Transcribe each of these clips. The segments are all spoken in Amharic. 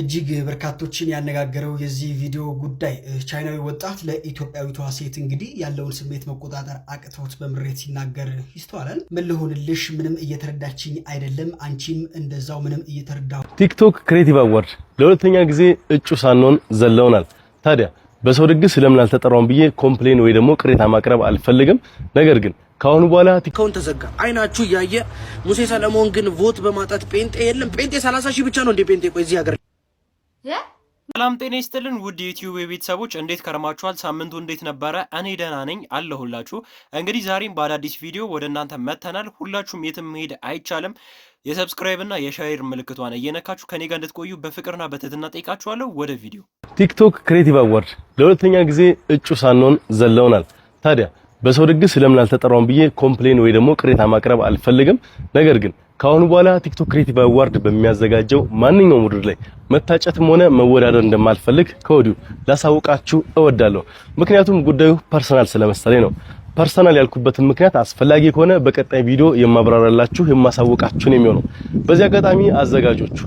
እጅግ በርካቶችን ያነጋገረው የዚህ ቪዲዮ ጉዳይ ቻይናዊ ወጣት ለኢትዮጵያዊቷ ሴት እንግዲህ ያለውን ስሜት መቆጣጠር አቅቶት በምሬት ሲናገር ይስተዋላል። ምን ልሆንልሽ? ምንም እየተረዳችኝ አይደለም፣ አንቺም እንደዛው ምንም እየተረዳሁ። ቲክቶክ ክሬቲቭ አዋርድ ለሁለተኛ ጊዜ እጩ ሳንሆን ዘለውናል። ታዲያ በሰው ድግስ ስለምን አልተጠራውም ብዬ ኮምፕሌን ወይ ደግሞ ቅሬታ ማቅረብ አልፈልግም። ነገር ግን ከአሁኑ በኋላ ቲካውን ተዘጋ። አይናችሁ እያየ ሙሴ ሰለሞን ግን ቮት በማጣት ጴንጤ የለም። ጴንጤ 30 ሺህ ብቻ ነው እንደ ጴንጤ ቆይ እዚህ ሀገር ሰላም ጤና ይስጥልን ውድ ዩቲዩብ ቤተሰቦች እንዴት ከርማችኋል? ሳምንቱ እንዴት ነበረ? እኔ ደህና ነኝ አለሁላችሁ። እንግዲህ ዛሬም በአዳዲስ ቪዲዮ ወደ እናንተ መጥተናል። ሁላችሁም የትም መሄድ አይቻልም። የሰብስክራይብ እና የሻይር ምልክቷን እየነካችሁ ከኔ ጋር እንድትቆዩ በፍቅርና በትህትና ጠይቃችኋለሁ። ወደ ቪዲዮ። ቲክቶክ ክሬቲቭ አዋርድ ለሁለተኛ ጊዜ እጩ ሳንሆን ዘለውናል። ታዲያ በሰው ድግስ ለምን አልተጠራውም ብዬ ኮምፕሌን ወይ ደግሞ ቅሬታ ማቅረብ አልፈልግም። ነገር ግን ከአሁን በኋላ ቲክቶክ ክሬቲቭ አዋርድ በሚያዘጋጀው ማንኛውም ውድድር ላይ መታጨትም ሆነ መወዳደር እንደማልፈልግ ከወዲሁ ላሳውቃችሁ እወዳለሁ። ምክንያቱም ጉዳዩ ፐርሰናል ስለመሰለኝ ነው። ፐርሰናል ያልኩበትን ምክንያት አስፈላጊ ከሆነ በቀጣይ ቪዲዮ የማብራራላችሁ የማሳውቃችሁን የሚሆነው። በዚህ አጋጣሚ አዘጋጆቹ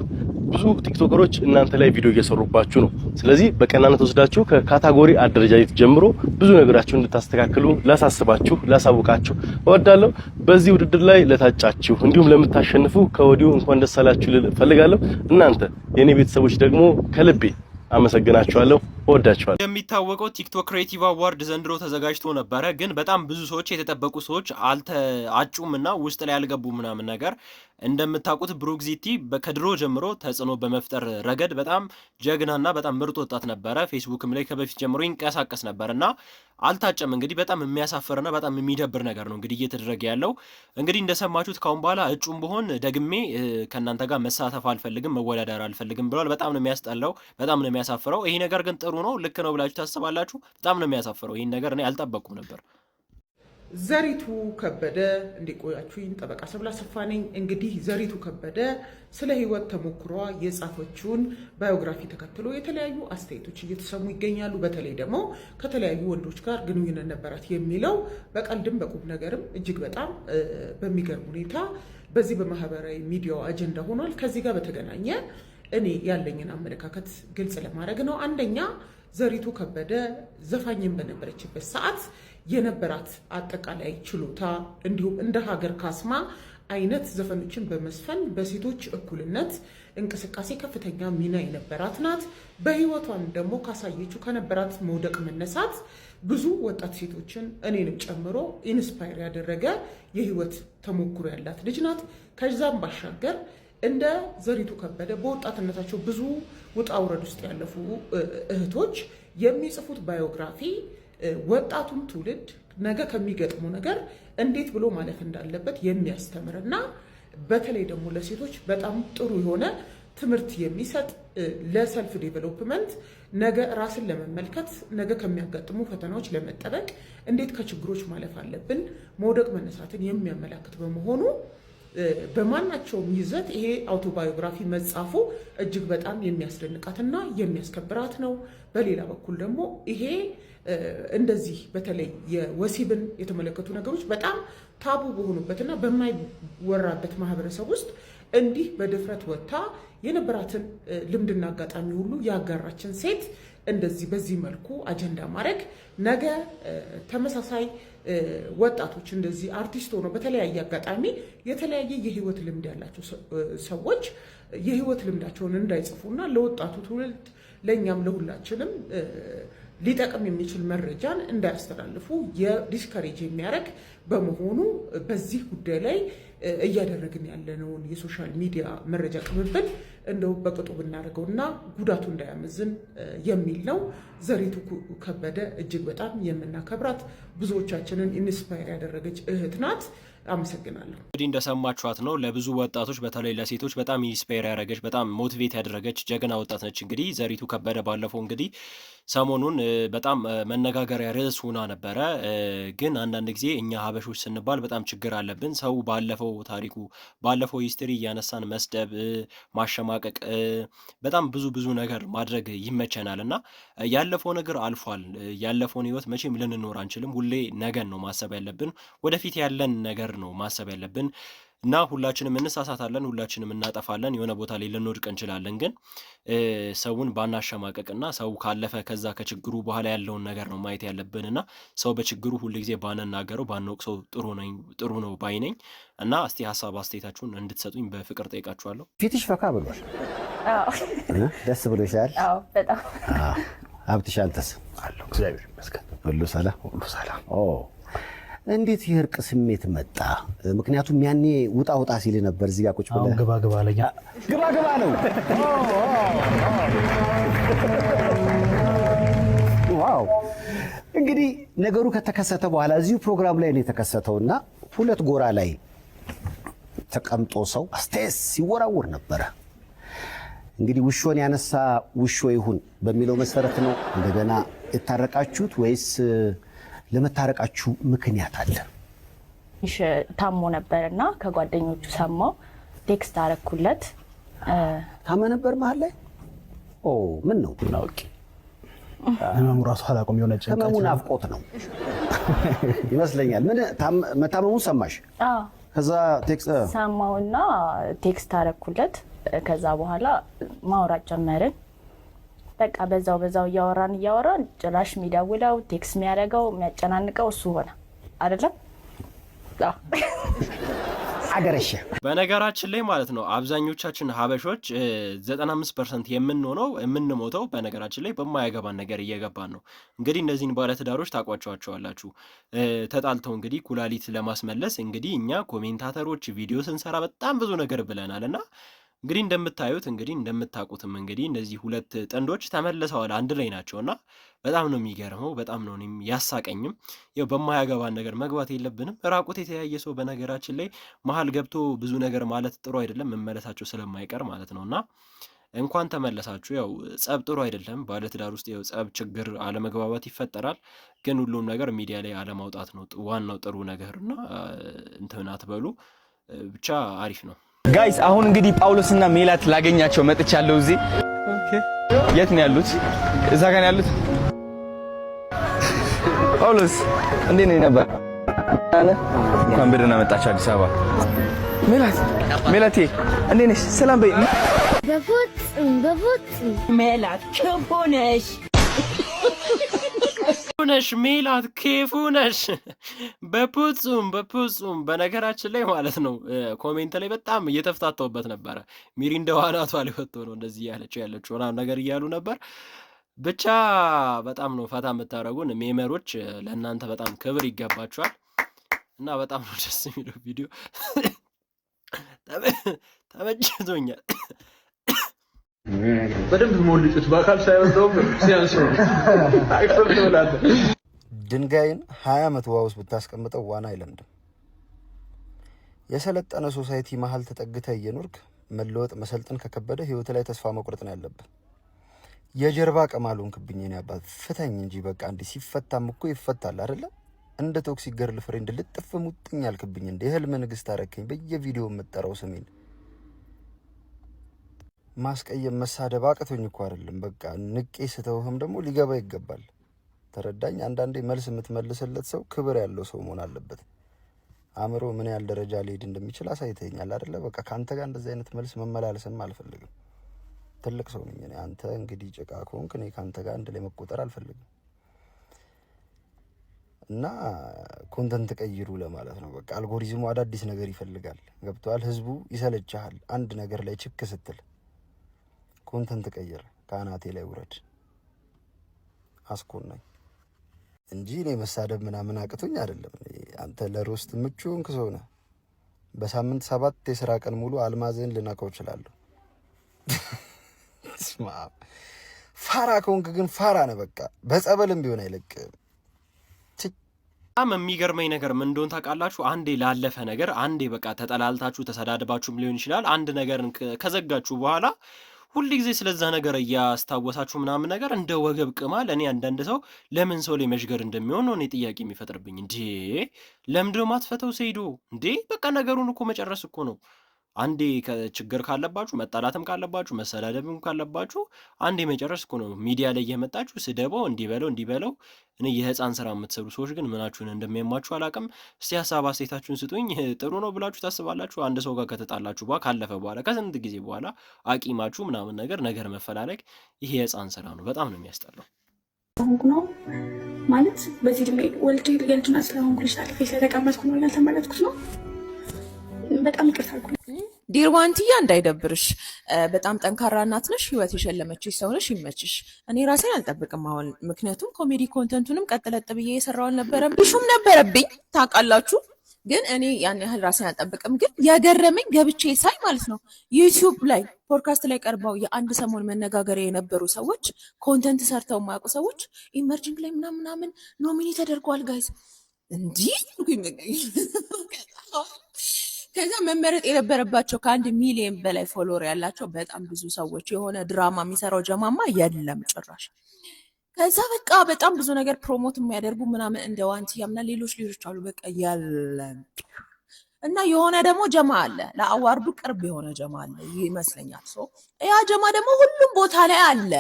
ብዙ ቲክቶከሮች እናንተ ላይ ቪዲዮ እየሰሩባችሁ ነው። ስለዚህ በቀናነት ወስዳችሁ ከካታጎሪ አደረጃጀት ጀምሮ ብዙ ነገራችሁ እንድታስተካክሉ ላሳስባችሁ፣ ላሳውቃችሁ እወዳለሁ። በዚህ ውድድር ላይ ለታጫችሁ እንዲሁም ለምታሸንፉ ከወዲሁ እንኳን ደስ አላችሁ ልል እፈልጋለሁ። እናንተ የኔ ቤተሰቦች ደግሞ ከልቤ አመሰግናችኋለሁ። ወዳቸዋል። የሚታወቀው ቲክቶክ ክሬቲቭ አዋርድ ዘንድሮ ተዘጋጅቶ ነበረ፣ ግን በጣም ብዙ ሰዎች የተጠበቁ ሰዎች አልተአጩም እና ውስጥ ላይ አልገቡ ምናምን ነገር። እንደምታውቁት ብሩክዚቲ ከድሮ ጀምሮ ተጽዕኖ በመፍጠር ረገድ በጣም ጀግናና በጣም ምርጥ ወጣት ነበረ። ፌስቡክም ላይ ከበፊት ጀምሮ ይንቀሳቀስ ነበር እና አልታጨም። እንግዲህ በጣም የሚያሳፍርና በጣም የሚደብር ነገር ነው እንግዲህ እየተደረገ ያለው። እንግዲህ እንደሰማችሁት ካሁን በኋላ እጩም ብሆን ደግሜ ከእናንተ ጋር መሳተፍ አልፈልግም፣ መወዳደር አልፈልግም ብሏል። በጣም ነው የሚያስጠላው፣ በጣም ነው የሚያሳፍረው። ይሄ ነገር ግን ጥሩ ጥሩ ነው፣ ልክ ነው ብላችሁ ታስባላችሁ? በጣም ነው የሚያሳፍረው። ይህን ነገር እኔ አልጠበቅኩም ነበር። ዘሪቱ ከበደ እንዲቆያችሁኝ ጠበቃ ሰብላ ሰፋ ነኝ። እንግዲህ ዘሪቱ ከበደ ስለ ህይወት ተሞክሯ የጻፈችውን ባዮግራፊ ተከትሎ የተለያዩ አስተያየቶች እየተሰሙ ይገኛሉ። በተለይ ደግሞ ከተለያዩ ወንዶች ጋር ግንኙነት ነበራት የሚለው በቀልድም በቁም ነገርም እጅግ በጣም በሚገርም ሁኔታ በዚህ በማህበራዊ ሚዲያው አጀንዳ ሆኗል። ከዚህ ጋር በተገናኘ እኔ ያለኝን አመለካከት ግልጽ ለማድረግ ነው። አንደኛ ዘሪቱ ከበደ ዘፋኝን በነበረችበት ሰዓት የነበራት አጠቃላይ ችሎታ እንዲሁም እንደ ሀገር ካስማ አይነት ዘፈኖችን በመስፈን በሴቶች እኩልነት እንቅስቃሴ ከፍተኛ ሚና የነበራት ናት። በህይወቷን ደግሞ ካሳየችው ከነበራት መውደቅ መነሳት ብዙ ወጣት ሴቶችን እኔንም ጨምሮ ኢንስፓየር ያደረገ የህይወት ተሞክሮ ያላት ልጅ ናት። ከዛም ባሻገር እንደ ዘሪቱ ከበደ በወጣትነታቸው ብዙ ውጣ ውረድ ውስጥ ያለፉ እህቶች የሚጽፉት ባዮግራፊ ወጣቱን ትውልድ ነገ ከሚገጥሙ ነገር እንዴት ብሎ ማለፍ እንዳለበት የሚያስተምር እና በተለይ ደግሞ ለሴቶች በጣም ጥሩ የሆነ ትምህርት የሚሰጥ ለሰልፍ ዴቨሎፕመንት ነገ ራስን ለመመልከት ነገ ከሚያጋጥሙ ፈተናዎች ለመጠበቅ እንዴት ከችግሮች ማለፍ አለብን መውደቅ መነሳትን የሚያመላክት በመሆኑ በማናቸውም ይዘት ይሄ አውቶባዮግራፊ መጻፉ እጅግ በጣም የሚያስደንቃትና የሚያስከብራት ነው። በሌላ በኩል ደግሞ ይሄ እንደዚህ በተለይ የወሲብን የተመለከቱ ነገሮች በጣም ታቡ በሆኑበትና በማይወራበት ማህበረሰብ ውስጥ እንዲህ በድፍረት ወጥታ የነበራትን ልምድና አጋጣሚ ሁሉ ያጋራችን ሴት እንደዚህ በዚህ መልኩ አጀንዳ ማድረግ ነገ ተመሳሳይ ወጣቶች እንደዚህ አርቲስት ሆነው በተለያየ አጋጣሚ የተለያየ የህይወት ልምድ ያላቸው ሰዎች የህይወት ልምዳቸውን እንዳይጽፉና ለወጣቱ ትውልድ ለእኛም ለሁላችንም ሊጠቅም የሚችል መረጃን እንዳያስተላልፉ የዲስከሬጅ የሚያደርግ በመሆኑ በዚህ ጉዳይ ላይ እያደረግን ያለነውን የሶሻል ሚዲያ መረጃ ቅብብል እንደው በቅጡ ብናደርገው እና ጉዳቱ እንዳያመዝን የሚል ነው። ዘሪቱ ከበደ እጅግ በጣም የምናከብራት ብዙዎቻችንን ኢንስፓየር ያደረገች እህት ናት። አመሰግናለሁ። እንግዲህ እንደሰማችኋት ነው ለብዙ ወጣቶች በተለይ ለሴቶች በጣም ኢንስፓየር ያደረገች በጣም ሞቲቬት ያደረገች ጀግና ወጣት ነች። እንግዲህ ዘሪቱ ከበደ ባለፈው እንግዲህ ሰሞኑን በጣም መነጋገሪያ ርዕስ ሆና ነበረ። ግን አንዳንድ ጊዜ እኛ ሀበሾች ስንባል በጣም ችግር አለብን። ሰው ባለፈው ታሪኩ ባለፈው ሂስትሪ እያነሳን መስደብ፣ ማሸማቀቅ በጣም ብዙ ብዙ ነገር ማድረግ ይመቸናል እና ያለፈው ነገር አልፏል። ያለፈውን ህይወት መቼም ልንኖር አንችልም። ሁሌ ነገን ነው ማሰብ ያለብን። ወደፊት ያለን ነገር ነገር ነው ማሰብ ያለብን እና ሁላችንም እንሳሳታለን፣ ሁላችንም እናጠፋለን፣ የሆነ ቦታ ላይ ልንወድቅ እንችላለን። ግን ሰውን ባናሸማቀቅና ሰው ካለፈ ከዛ ከችግሩ በኋላ ያለውን ነገር ነው ማየት ያለብን እና ሰው በችግሩ ጊዜ ባንናገረው ባንወቅሰው ጥሩ ነው ባይ ነኝ እና እስቲ ሀሳብ አስተያየታችሁን እንድትሰጡኝ በፍቅር ጠይቃችኋለሁ። ፊትሽ ፈካ ብሏል፣ ደስ ብሎሻል በጣም አብትሽ። አንተስ? እግዚአብሔር ይመስገን። ሁሉ ሰላም፣ ሁሉ ሰላም እንዴት የእርቅ ስሜት መጣ? ምክንያቱም ያኔ ውጣ ውጣ ሲል ነበር። እዚህ ጋር ቁጭ ብለህ ግባ ግባ አለኛ። ግባ ግባ ነው። ዋው! እንግዲህ ነገሩ ከተከሰተ በኋላ እዚሁ ፕሮግራም ላይ ነው የተከሰተው እና ሁለት ጎራ ላይ ተቀምጦ ሰው አስተያየት ሲወራወር ነበረ። እንግዲህ ውሾን ያነሳ ውሾ ይሁን በሚለው መሰረት ነው እንደገና የታረቃችሁት ወይስ ለመታረቃችሁ ምክንያት አለ? ታሞ ነበር እና ከጓደኞቹ ሰማው። ቴክስት አረኩለት። ታመ ነበር መሀል ላይ ምን ነው ናውቂ ህመሙ ራሱ አላውቅም። የሆነ ጭንቀት ህመሙ ናፍቆት ነው ይመስለኛል። ምን መታመሙን ሰማሽ? ከዛ ሰማውና ቴክስት አረኩለት። ከዛ በኋላ ማውራት ጀመርን። በቃ በዛው በዛው እያወራን እያወራን ጭራሽ የሚደውለው ቴክስ የሚያደርገው የሚያጨናንቀው እሱ ሆነ። አይደለም አገረሸ በነገራችን ላይ ማለት ነው አብዛኞቻችን ሀበሾች 95 ፐርሰንት የምንሆነው የምንሞተው በነገራችን ላይ በማያገባን ነገር እየገባን ነው። እንግዲህ እነዚህን ባለትዳሮች ታቋቸዋቸዋላችሁ። ተጣልተው እንግዲህ ኩላሊት ለማስመለስ እንግዲህ እኛ ኮሜንታተሮች ቪዲዮ ስንሰራ በጣም ብዙ ነገር ብለናል እና እንግዲህ እንደምታዩት እንግዲህ እንደምታውቁትም እንግዲህ እነዚህ ሁለት ጥንዶች ተመልሰዋል አንድ ላይ ናቸውና በጣም ነው የሚገርመው። በጣም ነው እኔም ያሳቀኝም። ያው በማያገባን ነገር መግባት የለብንም። ራቁት የተለያየ ሰው በነገራችን ላይ መሀል ገብቶ ብዙ ነገር ማለት ጥሩ አይደለም፣ መመለሳቸው ስለማይቀር ማለት እና እንኳን ተመለሳችሁ። ያው ጸብ ጥሩ አይደለም። ባለትዳር ውስጥ ያው ጸብ፣ ችግር፣ አለመግባባት ይፈጠራል። ግን ሁሉም ነገር ሚዲያ ላይ አለማውጣት ነው ዋናው ጥሩ ነገር እና እንትን አትበሉ ብቻ አሪፍ ነው። ጋይስ አሁን እንግዲህ ጳውሎስና ሜላት ላገኛቸው መጥቻለሁ። እዚህ የት ነው ያሉት? እዛ ጋር ነው ያሉት። ጳውሎስ እንዴት ነው ነበር? እንኳን በደህና መጣችሁ አዲስ አበባ። ሜላት ሜላቴ እንዴት ነሽ? ሰላም በይ። በፎት በፎት ሜላት ክፉ ነሽ ነሽ ሜላት፣ ኬፉ ነሽ። በፍጹም በፍጹም። በነገራችን ላይ ማለት ነው ኮሜንት ላይ በጣም እየተፍታተውበት ነበረ። ሚሪ እንደ ዋናቷ ሊወጥ ነው እንደዚህ ያለችው ያለችው ምናምን ነገር እያሉ ነበር። ብቻ በጣም ነው ፈታ የምታደርጉን ሜመሮች፣ ለእናንተ በጣም ክብር ይገባችኋል። እና በጣም ነው ደስ የሚለው ቪዲዮ ተመችቶኛል። በደንብ ሞልጩት በአካል ሳይወጣው ሲያንስ ድንጋይን ሀያ ዓመት ውሃ ውስጥ ብታስቀምጠው ዋና አይለምድም። የሰለጠነ ሶሳይቲ መሀል ተጠግተ እየኖርክ መለወጥ መሰልጠን ከከበደ ህይወት ላይ ተስፋ መቁረጥ ነው ያለብህ። የጀርባ ቀማሉን ክብኝ ነው ያባት ፍተኝ እንጂ በቃ እንዲህ ሲፈታም እኮ ይፈታል አደለ? እንደ ቶክሲክ ገርል ፍሬንድ ልጥፍ ሙጥኝ አልክብኝ እንደ የህልም ንግስት አረከኝ በየቪዲዮ የምጠራው ስሜን ማስቀየም መሳደብ አቅቶኝ እኮ አይደለም። በቃ ንቄ ስተውህም ደግሞ ሊገባ ይገባል። ተረዳኝ። አንዳንዴ መልስ የምትመልስለት ሰው ክብር ያለው ሰው መሆን አለበት። አእምሮ ምን ያህል ደረጃ ሊሄድ እንደሚችል አሳይተኛል አይደለ? በቃ ከአንተ ጋር እንደዚህ አይነት መልስ መመላለስም አልፈልግም። ትልቅ ሰው ነኝ እኔ። አንተ እንግዲህ ጭቃ ከሆንክ እኔ ከአንተ ጋር አንድ ላይ መቆጠር አልፈልግም። እና ኮንተንት ቀይሩ ለማለት ነው። በቃ አልጎሪዝሙ አዳዲስ ነገር ይፈልጋል። ገብተዋል። ህዝቡ ይሰለችሃል አንድ ነገር ላይ ችክ ስትል ኮንተንት ቀይር፣ ከአናቴ ላይ ውረድ። አስኮናኝ እንጂ እኔ መሳደብ ምናምን አቅቶኝ አይደለም። አንተ ለሮስት ምቹ ሆንክ ሰው ነህ። በሳምንት ሰባት የስራ ቀን ሙሉ አልማዝህን ልነካው እችላለሁ። ፋራ ከሆንክ ግን ፋራ ነህ። በቃ በጸበልም ቢሆን አይለቅም። በጣም የሚገርመኝ ነገር ምን እንደሆነ ታውቃላችሁ? አንዴ ላለፈ ነገር አንዴ በቃ ተጠላልታችሁ ተሰዳድባችሁም ሊሆን ይችላል አንድ ነገርን ከዘጋችሁ በኋላ ሁል ጊዜ ስለዛ ነገር እያስታወሳችሁ ምናምን ነገር እንደ ወገብ ቅማል። እኔ አንዳንድ ሰው ለምን ሰው ላይ መሽገር እንደሚሆን ነው እኔ ጥያቄ የሚፈጥርብኝ። እንዴ ለምንድነው ማትፈተው ሰይዶ? እንዴ በቃ ነገሩን እኮ መጨረስ እኮ ነው። አንዴ ችግር ካለባችሁ መጣላትም ካለባችሁ መሰዳደብም ካለባችሁ አንዴ መጨረስ እኮ ነው። ሚዲያ ላይ እየመጣችሁ ስደበው እንዲበለው እንዲበለው እኔ የህፃን ስራ የምትሰሩ ሰዎች ግን ምናችሁን እንደሚያማችሁ አላቅም። እስቲ ሀሳብ አስተያየታችሁን ስጡኝ። ጥሩ ነው ብላችሁ ታስባላችሁ? አንድ ሰው ጋር ከተጣላችሁ በኋላ ካለፈ በኋላ ከስንት ጊዜ በኋላ አቂማችሁ ምናምን ነገር ነገር መፈላለግ ይሄ የህፃን ስራ ነው። በጣም ነው የሚያስጠላው። ማለት በዚህ ድሜ ወልድ ልጅ ስለሆንኩ ልጅ ታልፌ ስለተቀመጥኩ ነው ያልተመለጥኩት ነው በጣም ይቅርታ ዲርዋንትያ እንዳይደብርሽ። በጣም ጠንካራ እናት ነሽ፣ ህይወት የሸለመችሽ ሰው ነሽ። ይመችሽ። እኔ ራሴን አልጠብቅም አሁን፣ ምክንያቱም ኮሜዲ ኮንተንቱንም ቀጥለጥ ብዬ የሰራው አልነበረም፣ ብሹም ነበረብኝ ታውቃላችሁ። ግን እኔ ያን ያህል ራሴን አልጠብቅም። ግን የገረመኝ ገብቼ ሳይ ማለት ነው ዩቲዩብ ላይ ፖድካስት ላይ ቀርበው የአንድ ሰሞን መነጋገሪያ የነበሩ ሰዎች ኮንተንት ሰርተው የማያውቁ ሰዎች ኢመርጂንግ ላይ ምናምን ምናምን ኖሚኒ ተደርጓል። ጋይዝ እንዲህ ከዛ መመረጥ የነበረባቸው ከአንድ ሚሊዮን በላይ ፎሎወር ያላቸው በጣም ብዙ ሰዎች የሆነ ድራማ የሚሰራው ጀማማ የለም ጭራሽ። ከዛ በቃ በጣም ብዙ ነገር ፕሮሞት የሚያደርጉ ምናምን እንደ ዋንቲያ ምና ሌሎች ሌሎች አሉ። በቃ የለም እና የሆነ ደግሞ ጀማ አለ፣ ለአዋርዱ ቅርብ የሆነ ጀማ አለ ይመስለኛል። ሶ ያ ጀማ ደግሞ ሁሉም ቦታ ላይ አለ።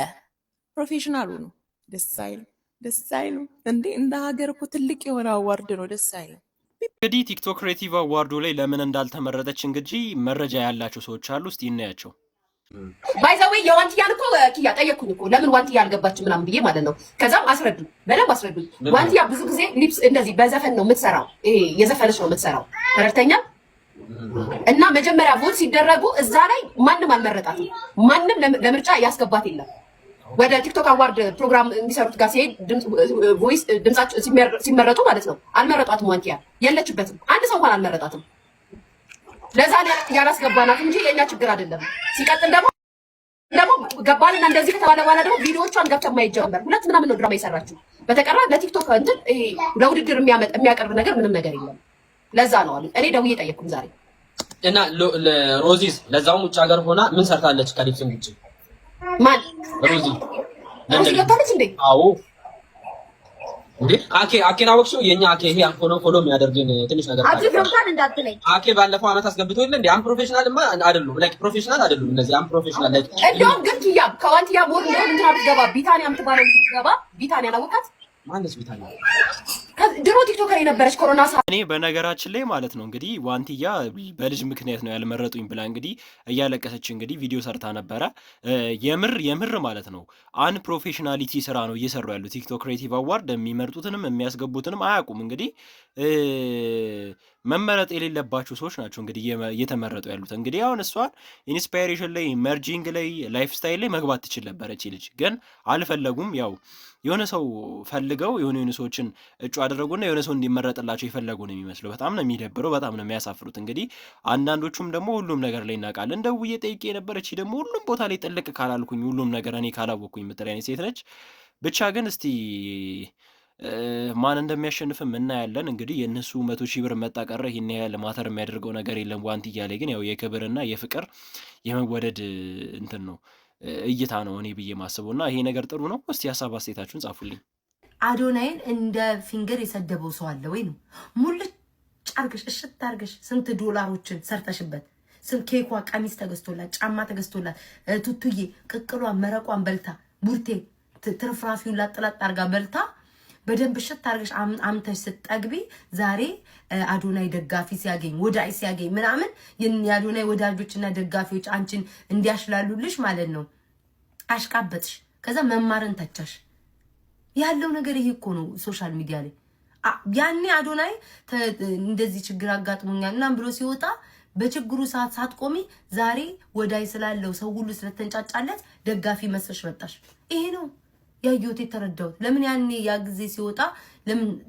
ፕሮፌሽናሉ ነው። ደስ አይልም፣ ደስ እንዴ! እንደ ሀገር እኮ ትልቅ የሆነ አዋርድ ነው። ደስ አይልም። እንግዲህ ቲክቶክ ክሬቲቭ አዋርዱ ላይ ለምን እንዳልተመረጠች እንግዲህ መረጃ ያላቸው ሰዎች አሉ። እስኪ እናያቸው። ባይዘዌ የዋንትያን እኮ ኪያ ጠየቅኩኝ እኮ ለምን ዋንትያ አልገባችም ምናምን ብዬ ማለት ነው። ከዛም አስረዱ፣ በደንብ አስረዱ። ዋንትያ ብዙ ጊዜ ሊፕስ እንደዚህ በዘፈን ነው የምትሰራው፣ ይሄ የዘፈነች ነው የምትሰራው ተረድተኛ እና መጀመሪያ ቦት ሲደረጉ እዛ ላይ ማንም አልመረጣትም። ማንም ለምርጫ ያስገባት የለም ወደ ቲክቶክ አዋርድ ፕሮግራም የሚሰሩት ጋር ሲሄድ ቮይስ ድምጻቸው ሲመረጡ ማለት ነው። አልመረጧትም፣ ዋንቲያ የለችበትም። አንድ ሰው እንኳን አልመረጣትም። ለዛ ያላስገባናት እንጂ የእኛ ችግር አይደለም። ሲቀጥል ደግሞ ደግሞ ገባንና እንደዚህ ከተባለ በኋላ ደግሞ ቪዲዮቿን ገብተ የማይጀመር ሁለት ምናምን ነው ድራማ የሰራችው። በተቀራ ለቲክቶክ እንትን ለውድድር የሚያቀርብ ነገር ምንም ነገር የለም። ለዛ ነው አሉ። እኔ ደውዬ ጠየቅኩም ዛሬ እና ሮዚዝ ለዛውም ውጭ ሀገር ሆና ምን ሰርታለች ከሊፕሲንግ ውጭ ማን ሮዚ ገብታለች እንዴ? አዎ እንዴ አኬ አኬን አወቅሽው? የኛ አኬ ይሄ አንኮኖ ፎሎ የሚያደርግን ትንሽ ነገር አኬ ገብታል እንዳትለኝ። አኬ ባለፈው አመት አስገብቶ የለ እንዴ? አን ፕሮፌሽናል ማ አይደሉም፣ ላይክ ፕሮፌሽናል አይደሉም እነዚህ። አን ፕሮፌሽናል ላይክ እንደውም ግን ትያ ከዋንቲያ ቦር እንደሆነ ትገባ ቢታንያም ትባለው ትገባ ቢታንያን አወቃት ማነች ቢታኒያ ድሮ ቲክቶከር የነበረች ኮሮና ሳ እኔ በነገራችን ላይ ማለት ነው እንግዲህ ዋንቲያ በልጅ ምክንያት ነው ያልመረጡኝ ብላ እንግዲህ እያለቀሰች እንግዲህ ቪዲዮ ሰርታ ነበረ። የምር የምር ማለት ነው አን ፕሮፌሽናሊቲ ስራ ነው እየሰሩ ያሉ ቲክቶክ ክሬቲቭ አዋርድ የሚመርጡትንም የሚያስገቡትንም አያውቁም። እንግዲህ መመረጥ የሌለባቸው ሰዎች ናቸው እንግዲህ እየተመረጡ ያሉት። እንግዲህ አሁን እሷን ኢንስፓይሬሽን ላይ መርጂንግ ላይ ላይፍ ስታይል ላይ መግባት ትችል ነበረች ልጅ ግን አልፈለጉም። ያው የሆነ ሰው ፈልገው የሆነ የሆነ ሰዎችን እጩ ያደረጉና የሆነ ሰው እንዲመረጥላቸው የፈለጉ ነው የሚመስለው። በጣም ነው የሚደብረው። በጣም ነው የሚያሳፍሩት። እንግዲህ አንዳንዶቹም ደግሞ ሁሉም ነገር ላይ እናውቃለን። ደውዬ ጠይቄ የነበረች ደግሞ ሁሉም ቦታ ላይ ጥልቅ ካላልኩኝ ሁሉም ነገር እኔ ካላወቅኩኝ የምትል አይነት ሴት ነች። ብቻ ግን እስቲ ማን እንደሚያሸንፍም እናያለን። እንግዲህ የእነሱ መቶ ሺህ ብር መጣቀረ ይህን ያህል ማተር የሚያደርገው ነገር የለም። ዋንትያ ላይ ግን ያው የክብርና የፍቅር የመወደድ እንትን ነው እይታ ነው እኔ ብዬ ማስበው እና ይሄ ነገር ጥሩ ነው። እስቲ ሀሳብ አስተያየታችሁን ጻፉልኝ። አዶናይን እንደ ፊንገር የሰደበው ሰው አለ ወይ ነው? ሙልጭ አርገሽ እሽት አርገሽ ስንት ዶላሮችን ሰርተሽበት ስንት ኬኳ ቀሚስ ተገዝቶላት ጫማ ተገዝቶላት ቱቱዬ ቅቅሏን መረቋን በልታ ቡርቴ ትርፍራፊውን ላጥላጥ አርጋ በልታ በደንብ እሽት አርገሽ አምተሽ ስትጠግቢ ዛሬ አዶናይ ደጋፊ ሲያገኝ ወዳጅ ሲያገኝ ምናምን የአዶናይ ወዳጆችና ደጋፊዎች አንቺን እንዲያሽላሉልሽ ማለት ነው። አሽቃበጥሽ። ከዛ መማርን ተቻሽ። ያለው ነገር ይሄ እኮ ነው። ሶሻል ሚዲያ ላይ ያኔ አዶናይ እንደዚህ ችግር አጋጥሞኛል እናም ብሎ ሲወጣ በችግሩ ሰዓት ሳትቆሚ ዛሬ ወዳይ ስላለው ሰው ሁሉ ስለተንጫጫለት ደጋፊ መስረሽ መጣሽ። ይሄ ነው ያየሁት የተረዳሁት። ለምን ያኔ ያ ጊዜ ሲወጣ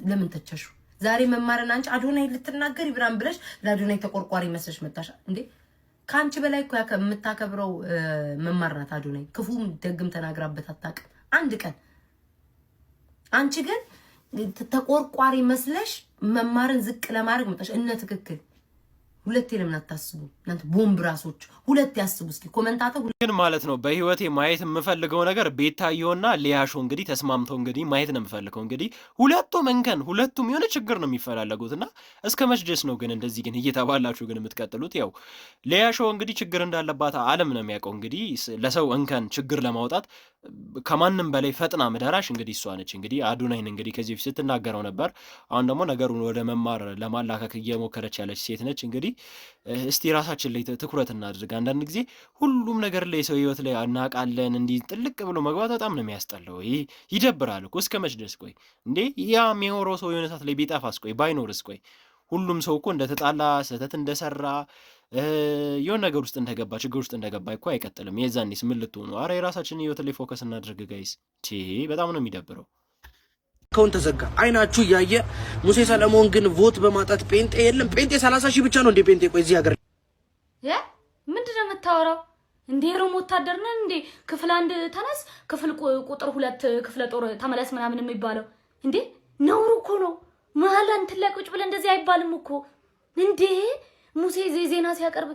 ለምን ተቸሹ? ዛሬ መማረን አንቺ አዶናይ ልትናገር ይብራን ብለሽ ለአዶናይ ተቆርቋሪ መስረሽ መጣሽ እንዴ? ከአንቺ በላይ እኮ የምታከብረው መማር ናት አዶናይ። ክፉም ደግም ተናግራበት አታውቅም አንድ ቀን አንቺ ግን ተቆርቋሪ መስለሽ መማርን ዝቅ ለማድረግ መጣሽ። እነ ትክክል ሁለቴ ለምን አታስቡ እናንተ ቦምብ ራሶች፣ ሁለቴ ያስቡ እስኪ ኮመንታተው። ግን ማለት ነው። በህይወቴ ማየት የምፈልገው ነገር ቤታየውና ሊያሾ እንግዲህ ተስማምተው እንግዲህ ማየት ነው የምፈልገው። እንግዲህ ሁለቱም እንከን ሁለቱም የሆነ ችግር ነው የሚፈላለጉት እና እስከ መች ድረስ ነው ግን እንደዚህ ግን እየተባላችሁ ግን የምትቀጥሉት? ያው ሊያሾ እንግዲህ ችግር እንዳለባት አለም ነው የሚያውቀው። እንግዲህ ለሰው እንከን ችግር ለማውጣት ከማንም በላይ ፈጥና ምደራሽ እንግዲህ እሷ ነች። እንግዲህ አዱናይን እንግዲህ ከዚህ በፊት ስትናገረው ነበር። አሁን ደግሞ ነገሩን ወደ መማር ለማላከክ እየሞከረች ያለች ሴት ነች። እንግዲህ እስቲ ራሳችን ላይ ትኩረት እናድርግ። አንዳንድ ጊዜ ሁሉም ነገር ላይ ሰው ህይወት ላይ እናቃለን። እንዲህ ጥልቅ ብሎ መግባት በጣም ነው የሚያስጠላው። ይህ ይደብራል እኮ እስከ መች ድረስ ቆይ እንዴ ያ የሚኖረው ሰው የሆነ ሰዓት ላይ ቢጠፋስ ቆይ ባይኖርስ ቆይ ሁሉም ሰው እኮ እንደተጣላ ስህተት እንደሰራ የሆነ ነገር ውስጥ እንደገባ ችግር ውስጥ እንደገባ እኮ አይቀጥልም። የዛኔስ ምን ልትሆኑ? አረ የራሳችን ህይወት ላይ ፎከስ እናድርግ ጋይስ። በጣም ነው የሚደብረው። ከውን ተዘጋ አይናችሁ እያየ ሙሴ ሰለሞን ግን ቮት በማጣት ጴንጤ የለም ጴንጤ ሰላሳ ሺህ ብቻ ነው እንዴ ጴንጤ? ቆይ እዚህ ሀገር ምንድን ነው የምታወራው? እንዴ ሮም ወታደር ነን እንዴ? ክፍል አንድ ተነስ፣ ክፍል ቁጥር ሁለት ክፍለ ጦር ተመለስ ምናምን የሚባለው እንዴ ነውሩ እኮ ነው። መሀል እንትን ላይ ቁጭ ብለህ እንደዚህ አይባልም እኮ እንዴ! ሙሴ ዜና ሲያቀርብ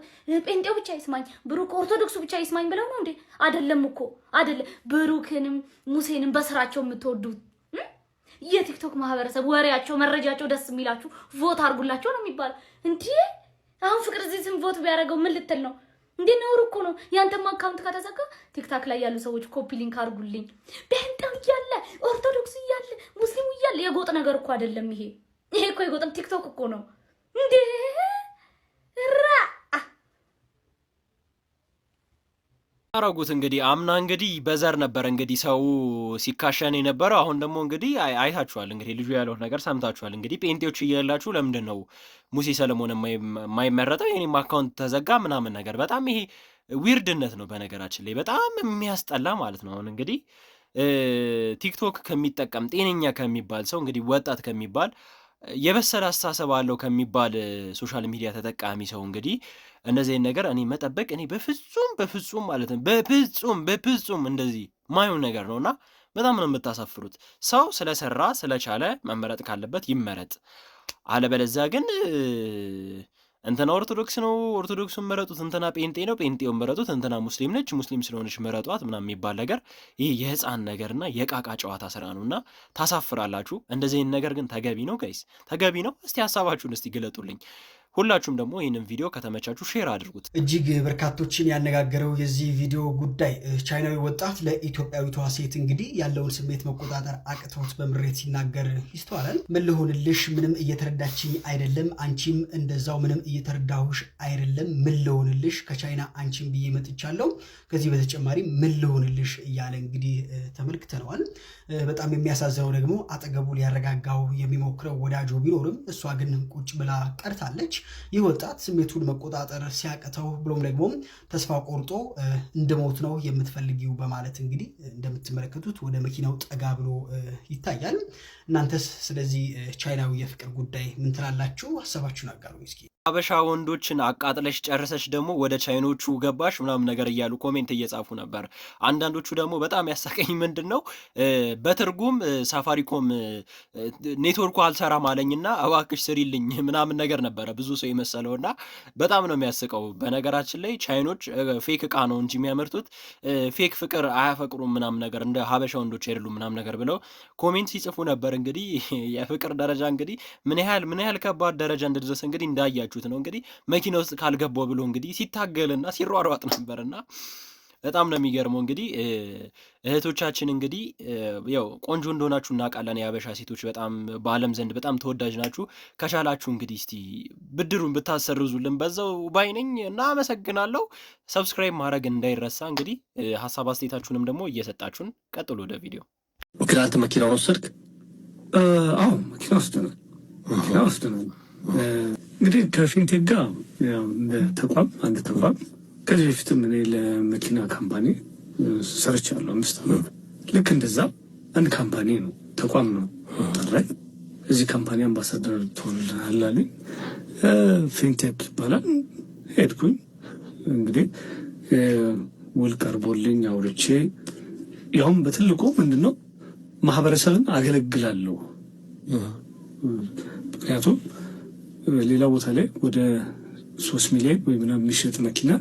ጴንጤው ብቻ ይስማኝ፣ ብሩክ ኦርቶዶክሱ ብቻ ይስማኝ ብለው ነው እንዴ? አይደለም እኮ አይደለም። ብሩክንም ሙሴንም በስራቸው የምትወዱት የቲክቶክ ማህበረሰብ ወሬያቸው፣ መረጃቸው ደስ የሚላችሁ ቮት አድርጉላቸው ነው የሚባለው። እንዴ አሁን ፍቅር እዚህ ስም ቮት ቢያደርገው ምን ልትል ነው? እንዴ ነውር እኮ ነው። ያንተማ አካውንት ከተዘጋ ቲክታክ ላይ ያሉ ሰዎች ኮፒ ሊንክ አርጉልኝ። በህንዳው እያለ ኦርቶዶክስ እያለ ሙስሊሙ እያለ የጎጥ ነገር እኮ አይደለም ይሄ። ይሄ እኮ የጎጥ ቲክቶክ እኮ ነው እንዴ አረጉት እንግዲህ አምና እንግዲህ በዘር ነበር እንግዲህ ሰው ሲካሸን የነበረው። አሁን ደግሞ እንግዲህ አይታችኋል፣ እንግዲህ ልጁ ያለው ነገር ሰምታችኋል። እንግዲህ ጴንጤዎች እያላችሁ ለምንድን ነው ሙሴ ሰለሞን የማይመረጠው? የኔም አካውንት ተዘጋ ምናምን ነገር በጣም ይሄ ዊርድነት ነው በነገራችን ላይ በጣም የሚያስጠላ ማለት ነው። አሁን እንግዲህ ቲክቶክ ከሚጠቀም ጤነኛ ከሚባል ሰው እንግዲህ ወጣት ከሚባል የበሰለ አስተሳሰብ አለው ከሚባል ሶሻል ሚዲያ ተጠቃሚ ሰው እንግዲህ እንደዚህን ነገር እኔ መጠበቅ እኔ በፍጹም በፍጹም ማለት ነው በፍጹም በፍጹም እንደዚህ ማየውን ነገር እና በጣም ነው የምታሳፍሩት። ሰው ስለሰራ ስለቻለ መመረጥ ካለበት ይመረጥ፣ አለበለዚያ ግን እንትና ኦርቶዶክስ ነው፣ ኦርቶዶክሱን መረጡት፣ እንትና ጴንጤ ነው፣ ጴንጤውን መረጡት፣ እንትና ሙስሊም ነች፣ ሙስሊም ስለሆነች መረጧት ምናምን የሚባል ነገር ይህ የህፃን ነገርና የቃቃ ጨዋታ ስራ ነው እና ታሳፍራላችሁ። እንደዚህ ነገር ግን ተገቢ ነው ጋይስ፣ ተገቢ ነው። እስቲ ሀሳባችሁን እስቲ ግለጡልኝ። ሁላችሁም ደግሞ ይህንን ቪዲዮ ከተመቻችሁ ሼር አድርጉት። እጅግ በርካቶችን ያነጋገረው የዚህ ቪዲዮ ጉዳይ ቻይናዊ ወጣት ለኢትዮጵያዊቷ ሴት እንግዲህ ያለውን ስሜት መቆጣጠር አቅቶት በምሬት ሲናገር ይስተዋላል። ምን ልሆንልሽ፣ ምንም እየተረዳችኝ አይደለም፣ አንቺም እንደዛው ምንም እየተረዳሁሽ አይደለም፣ ምን ልሆንልሽ፣ ከቻይና አንቺም ብዬ መጥቻለሁ፣ ከዚህ በተጨማሪ ምን ልሆንልሽ እያለ እንግዲህ ተመልክተነዋል። በጣም የሚያሳዝነው ደግሞ አጠገቡ ሊያረጋጋው የሚሞክረው ወዳጆ ቢኖርም እሷ ግን ቁጭ ብላ ቀርታለች። ይህ ወጣት ስሜቱን መቆጣጠር ሲያቅተው ብሎም ደግሞ ተስፋ ቆርጦ እንደሞት ነው የምትፈልጊው በማለት እንግዲህ እንደምትመለከቱት ወደ መኪናው ጠጋ ብሎ ይታያል። እናንተስ ስለዚህ ቻይናዊ የፍቅር ጉዳይ ምን ትላላችሁ? ሀሳባችሁን አጋሩ እስኪ። ሀበሻ ወንዶችን አቃጥለሽ ጨርሰሽ ደግሞ ወደ ቻይኖቹ ገባሽ ምናምን ነገር እያሉ ኮሜንት እየጻፉ ነበር። አንዳንዶቹ ደግሞ በጣም ያሳቀኝ ምንድን ነው በትርጉም ሳፋሪኮም ኔትወርኩ አልሰራ ማለኝና እባክሽ ስሪልኝ ምናምን ነገር ነበረ ብዙ ሰው የመሰለውና በጣም ነው የሚያስቀው። በነገራችን ላይ ቻይኖች ፌክ እቃ ነው እንጂ የሚያመርቱት ፌክ ፍቅር አያፈቅሩም ምናምን ነገር እንደ ሀበሻ ወንዶች አይደሉም ምናምን ነገር ብለው ኮሜንት ሲጽፉ ነበር። እንግዲህ የፍቅር ደረጃ እንግዲህ ምን ያህል ምን ያህል ከባድ ደረጃ እንደደረሰ እንግዲህ እንዳያችሁ እንዳያችሁት ነው እንግዲህ መኪና ውስጥ ካልገባው ብሎ እንግዲህ ሲታገልና ሲሯሯጥ ነበርና በጣም ነው የሚገርመው። እንግዲህ እህቶቻችን እንግዲህ ያው ቆንጆ እንደሆናችሁ እናውቃለን። የአበሻ ሴቶች በጣም በዓለም ዘንድ በጣም ተወዳጅ ናችሁ። ከቻላችሁ እንግዲህ እስቲ ብድሩን ብታሰርዙልን በዛው ባይነኝ እና አመሰግናለሁ። ሰብስክራይብ ማድረግ እንዳይረሳ። እንግዲህ ሀሳብ አስተያየታችሁንም ደግሞ እየሰጣችሁን ቀጥሎ ወደ ቪዲዮ። ምክንያት መኪናውን ወሰድክ? አዎ መኪና ወስደናል። መኪና ወስደናል። እንግዲህ ከፊንቴክ ጋር ተቋም አንድ ተቋም ከዚህ በፊትም እኔ ለመኪና ካምፓኒ ሰርቻለሁ አምስት ዓመት። ልክ እንደዛ አንድ ካምፓኒ ነው ተቋም ነው ጠራኝ። እዚህ ካምፓኒ አምባሳደር ትሆንልናለህ አለኝ። ፊንቴክ ይባላል። ሄድኩኝ እንግዲህ ውል ቀርቦልኝ አውርቼ ያውም በትልቁ ምንድነው ማህበረሰብን አገለግላለሁ ምክንያቱም ሌላ ቦታ ላይ ወደ ሶስት ሚሊዮን ወይ ምናምን የሚሸጥ መኪና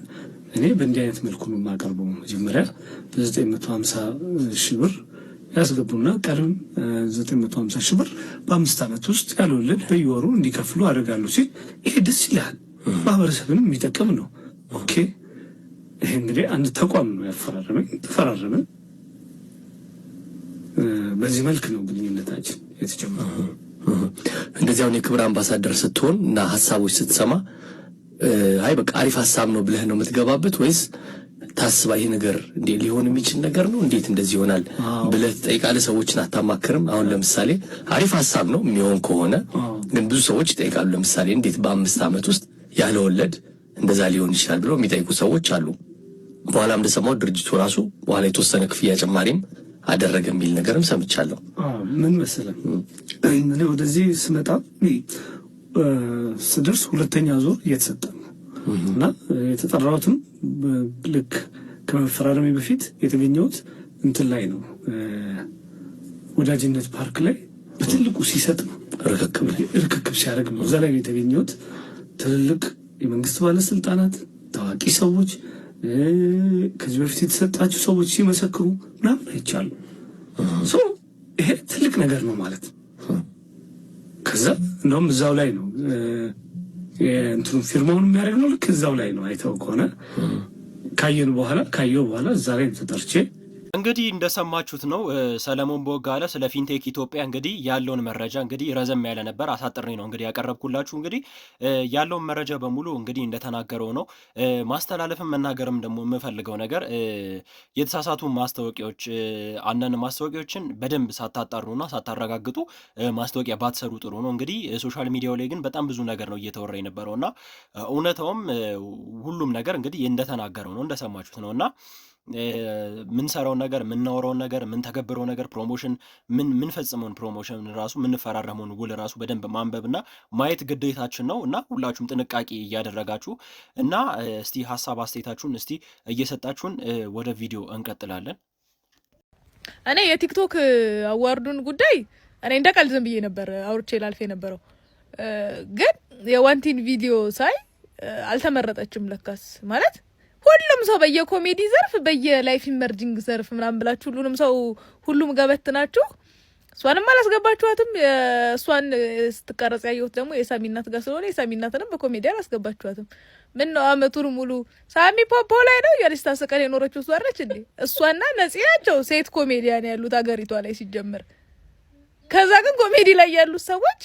እኔ በእንዲህ አይነት መልኩ ነው የማቀርበው። መጀመሪያ በዘጠኝ መቶ ሀምሳ ሺህ ብር ያስገቡና ቀርም ዘጠኝ መቶ ሀምሳ ሺህ ብር በአምስት ዓመት ውስጥ ያለወለድ በየወሩ እንዲከፍሉ አደርጋለሁ ሲል ይሄ ደስ ይላል፣ ማህበረሰብንም የሚጠቅም ነው። ኦኬ ይሄ እንግዲህ አንድ ተቋም ነው ያፈራረመኝ። ተፈራረመን። በዚህ መልክ ነው ግንኙነታችን የተጀመረው። እንደዚያውን የክብር አምባሳደር ስትሆን እና ሀሳቦች ስትሰማ አይ በቃ አሪፍ ሀሳብ ነው ብለህ ነው የምትገባበት ወይስ ታስባ ይሄ ነገር እንዴ ሊሆን የሚችል ነገር ነው እንዴት እንደዚህ ይሆናል ብለህ ትጠይቃለህ? ሰዎችን አታማክርም? አሁን ለምሳሌ አሪፍ ሀሳብ ነው የሚሆን ከሆነ ግን ብዙ ሰዎች ይጠይቃሉ። ለምሳሌ እንዴት በአምስት ዓመት ውስጥ ያለ ወለድ እንደዛ ሊሆን ይችላል ብለው የሚጠይቁ ሰዎች አሉ። በኋላ እንደሰማው ድርጅቱ ራሱ በኋላ የተወሰነ ክፍያ ጭማሪም አደረገ የሚል ነገርም ሰምቻለሁ። ምን መሰለህ እኔ ወደዚህ ስመጣ ስደርስ ሁለተኛ ዙር እየተሰጠ እና የተጠራሁትም ልክ ከመፈራረሜ በፊት የተገኘሁት እንትን ላይ ነው ወዳጅነት ፓርክ ላይ በትልቁ ሲሰጥ ነው ርክክብ ሲያደርግ ነው። እዛ ላይ ነው የተገኘሁት። ትልልቅ የመንግስት ባለስልጣናት፣ ታዋቂ ሰዎች ከዚህ በፊት የተሰጣችሁ ሰዎች ሲመሰክሩ ምናምን አይቻሉ። ይሄ ትልቅ ነገር ነው ማለት ከዛ እንደውም እዛው ላይ ነው እንትኑ ፊርማውን የሚያደርግ ነው። ልክ እዛው ላይ ነው አይተው ከሆነ ካየን በኋላ ካየው በኋላ እዛ ላይ ተጠርቼ እንግዲህ እንደሰማችሁት ነው ሰለሞን ቦጋለ ስለ ፊንቴክ ኢትዮጵያ እንግዲህ ያለውን መረጃ እንግዲህ ረዘም ያለ ነበር አሳጥሬ ነው እንግዲህ ያቀረብኩላችሁ። እንግዲህ ያለውን መረጃ በሙሉ እንግዲህ እንደተናገረው ነው ማስተላለፍም መናገርም ደግሞ የምፈልገው ነገር የተሳሳቱ ማስታወቂያዎች፣ አንዳንድ ማስታወቂያዎችን በደንብ ሳታጣሩና ሳታረጋግጡ ማስታወቂያ ባትሰሩ ጥሩ ነው። እንግዲህ ሶሻል ሚዲያው ላይ ግን በጣም ብዙ ነገር ነው እየተወራ እና እውነታውም ሁሉም ነገር እንግዲህ እንደተናገረው ነው እንደሰማችሁት ነውና ምንሰራውን ነገር የምናወራውን ነገር የምንተገብረው ነገር ፕሮሞሽን ምን ምንፈጽመውን ፕሮሞሽን ራሱ የምንፈራረመውን ውል ራሱ በደንብ ማንበብና ማየት ግዴታችን ነው እና ሁላችሁም ጥንቃቄ እያደረጋችሁ እና እስቲ ሀሳብ አስተያየታችሁን እስቲ እየሰጣችሁን ወደ ቪዲዮ እንቀጥላለን። እኔ የቲክቶክ አዋርዱን ጉዳይ እኔ እንደ ቀልድ ዝም ብዬ ነበር አውርቼ ላልፍ የነበረው ግን የዋንቲን ቪዲዮ ሳይ አልተመረጠችም ለካስ ማለት ሁሉም ሰው በየኮሜዲ ዘርፍ በየላይፍ ኢመርጂንግ ዘርፍ ምናምን ብላችሁ ሁሉንም ሰው ሁሉም ገበት ናችሁ። እሷንም አላስገባችኋትም። እሷን ስትቀረጽ ያየሁት ደግሞ የሳሚ እናት ጋር ስለሆነ የሳሚ እናትንም በኮሜዲ አላስገባችኋትም። ምን ነው አመቱን ሙሉ ሳሚ ፖፖ ላይ ነው እያለች ታስቀን የኖረችው እሷ አለች እንዴ? እሷና ነፂ ናቸው ሴት ኮሜዲያን ያሉት ሀገሪቷ ላይ ሲጀመር። ከዛ ግን ኮሜዲ ላይ ያሉት ሰዎች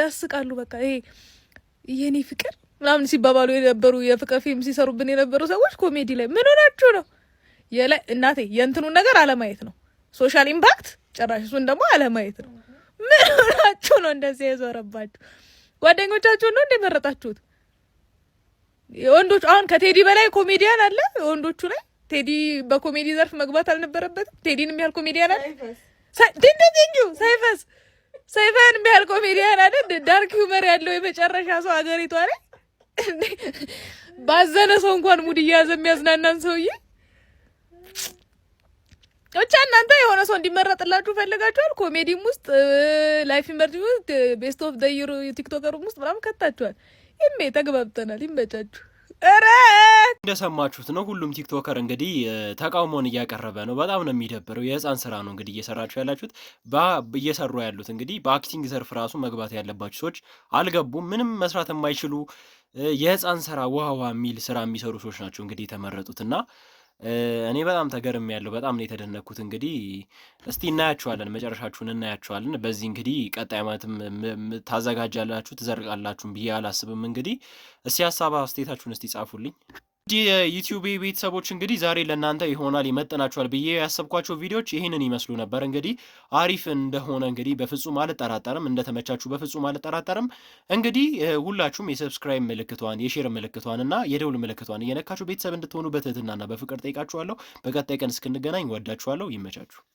ያስቃሉ። በቃ ይሄ የኔ ፍቅር ምናምን ሲባባሉ የነበሩ የፍቅር ፊልም ሲሰሩብን የነበሩ ሰዎች ኮሜዲ ላይ ምን ሆናችሁ ነው? እናቴ የእንትኑን ነገር አለማየት ነው። ሶሻል ኢምፓክት ጭራሽ እሱን ደግሞ አለማየት ነው። ምን ሆናችሁ ነው እንደዚህ የዞረባችሁ? ጓደኞቻችሁን ነው እንደመረጣችሁት? የወንዶቹ አሁን ከቴዲ በላይ ኮሜዲያን አለ ወንዶቹ ላይ። ቴዲ በኮሜዲ ዘርፍ መግባት አልነበረበትም። ቴዲን የሚያህል ኮሜዲያን አለ ድንድንጁ ሳይፈስ ሳይፈን የሚያህል ኮሜዲያን አለ። ዳርክ ሁመር ያለው የመጨረሻ ሰው አገሪቷ ላይ ባዘነ ሰው እንኳን ሙድ እያያዘ የሚያዝናናን ሰውዬ ብቻ እናንተ የሆነ ሰው እንዲመረጥላችሁ ፈልጋችኋል። ኮሜዲም ውስጥ ላይፍ ኢመርጂ ውስጥ ቤስት ኦፍ ደይሩ ቲክቶከሩም ውስጥ ምናምን ከታችኋል። ይሜ ተግባብተናል። ይመቻችሁ። ኧረ እንደሰማችሁት ነው። ሁሉም ቲክቶከር እንግዲህ ተቃውሞን እያቀረበ ነው። በጣም ነው የሚደብረው። የህፃን ስራ ነው እንግዲህ እየሰራችሁ ያላችሁት እየሰሩ ያሉት እንግዲህ በአክቲንግ ዘርፍ ራሱ መግባት ያለባችሁ ሰዎች አልገቡም። ምንም መስራት የማይችሉ የህፃን ስራ ውሃ የሚል ስራ የሚሰሩ ሰዎች ናቸው እንግዲህ የተመረጡት እና እኔ በጣም ተገርም ያለው በጣም ነው የተደነኩት። እንግዲህ እስቲ እናያችኋለን፣ መጨረሻችሁን እናያችኋለን። በዚህ እንግዲህ ቀጣይ ዓመትም ታዘጋጃላችሁ ትዘርቃላችሁም ብዬ አላስብም። እንግዲህ እስቲ ሀሳብ አስተያየታችሁን እስቲ ጻፉልኝ። እንግዲህ የዩቲዩብ ቤተሰቦች እንግዲህ ዛሬ ለእናንተ ይሆናል ይመጥናችኋል ብዬ ያሰብኳቸው ቪዲዮዎች ይህንን ይመስሉ ነበር። እንግዲህ አሪፍ እንደሆነ እንግዲህ በፍጹም አልጠራጠርም፣ እንደተመቻችሁ በፍጹም አልጠራጠርም። እንግዲህ ሁላችሁም የሰብስክራይብ ምልክቷን የሼር ምልክቷን እና የደውል ምልክቷን እየነካችሁ ቤተሰብ እንድትሆኑ በትህትናና በፍቅር ጠይቃችኋለሁ። በቀጣይ ቀን እስክንገናኝ ወዳችኋለሁ። ይመቻችሁ።